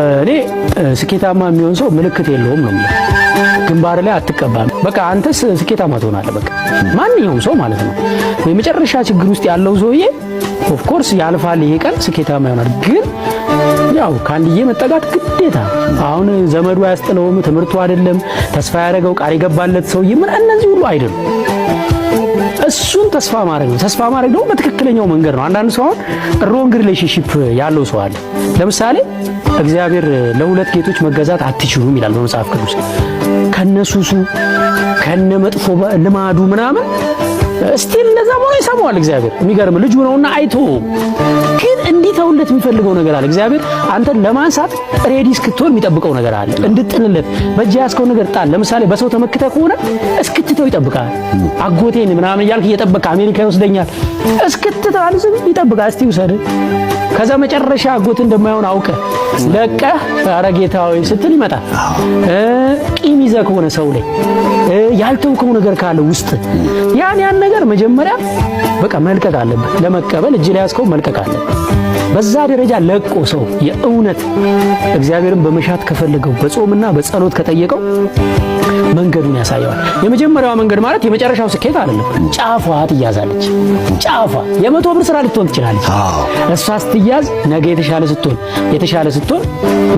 እኔ ስኬታማ የሚሆን ሰው ምልክት የለውም ነው ግንባር ላይ አትቀባም። በቃ አንተስ ስኬታማ ትሆናለህ። በቃ ማንኛውም ሰው ማለት ነው። የመጨረሻ ችግር ውስጥ ያለው ሰውዬ ኦፍኮርስ ያልፋል፣ ይሄ ቀን ስኬታማ ይሆናል። ግን ያው ከአንድዬ መጠጋት ግዴታ። አሁን ዘመዱ አያስጥለውም፣ ትምህርቱ አይደለም ተስፋ ያደረገው ቃል የገባለት ሰውዬ ምን እነዚህ ሁሉ አይደሉም። እሱን ተስፋ ማድረግ ነው። ተስፋ ማድረግ ደግሞ በትክክለኛው መንገድ ነው። አንዳንድ ሰው አሁን ሮንግ ሪሌሽንሺፕ ያለው ሰው አለ። ለምሳሌ እግዚአብሔር ለሁለት ጌቶች መገዛት አትችሉም ይላል በመጽሐፍ ቅዱስ ከነሱሱ ከነ መጥፎ ልማዱ ምናምን እስቲ እንደዛ ሆኖ ይሰማዋል እግዚአብሔር። የሚገርም ልጁ ነውና አይቶ ግን እንዲተውለት የሚፈልገው ነገር አለ እግዚአብሔር። አንተን ለማንሳት ሬዲ እስክትሆን የሚጠብቀው ነገር አለ። እንድጥልለት በእጅ ነገር ጣል። ለምሳሌ በሰው ተመክተ ከሆነ እስክትተው ይጠብቃል። አጎቴን ምናምን እያልክ እየጠበቅህ አሜሪካ ይወስደኛል እስክትተው አልዝም ይጠብቃል። እስቲ ውሰድ ከዛ መጨረሻ አጎት እንደማይሆን አውቀህ ለቀህ ኧረ ጌታ ሆይ ስትል ይመጣል። ቂም ይዘህ ከሆነ ሰው ላይ ያልተውከው ነገር ካለ ውስጥ ያን ያን ነገር መጀመሪያ በቃ መልቀቅ አለበት። ለመቀበል እጅ ላይ ያዝከው መልቀቅ አለበት። በዛ ደረጃ ለቆ ሰው የእውነት እግዚአብሔርን በመሻት ከፈለገው በጾምና በጸሎት ከጠየቀው መንገዱን ያሳየዋል። የመጀመሪያዋ መንገድ ማለት የመጨረሻው ስኬት አይደለም። ጫፏ ትያዛለች። ጫፏ የመቶ ብር ስራ ልትሆን ትችላለች። እሷ ስትያዝ ነገ የተሻለ ስትሆን የተሻለ ስትሆን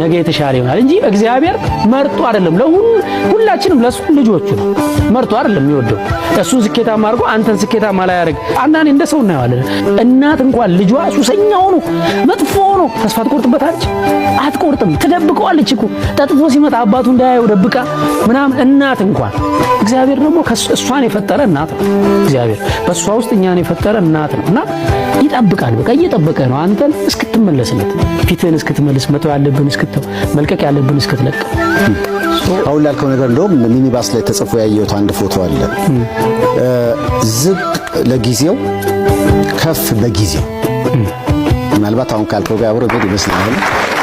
ነገ የተሻለ ይሆናል እንጂ እግዚአብሔር መርጦ አይደለም። ለሁሉ ሁላችንም ለሱ ልጆቹ ነው መርጦ አይደለም የሚወደው እሱን ስኬታማ አድርጎ አንተን ስኬታማ ላያደርግ አንዳንዴ እንደ ሰው እናየዋለን። እናት እንኳን ልጇ ሱሰኛ ሆኖ መጥፎ ሆኖ ተስፋ ትቆርጥበታለች? አትቆርጥም። ትደብቀዋለች እኮ ጠጥፎ ሲመጣ አባቱ እንዳያየው ደብቃ ምናምን። እናት እንኳን እግዚአብሔር ደግሞ እሷን የፈጠረ እናት ነው። እግዚአብሔር በእሷ ውስጥ እኛን የፈጠረ እናት ነው እና ይጠብቃል። በቃ እየጠበቀ ነው አንተን እስክትመለስለት ፊትህን እስክትመልስ መተው ያለብን እስክተው፣ መልቀቅ ያለብን እስክትለቅ አሁን ላልከው ነገር እንደውም ሚኒባስ ላይ ተጽፎ ያየሁት አንድ ፎቶ አለ። ዝቅ ለጊዜው ከፍ በጊዜው ምናልባት አሁን ካልከው ጋር አብሮ ይመስላል።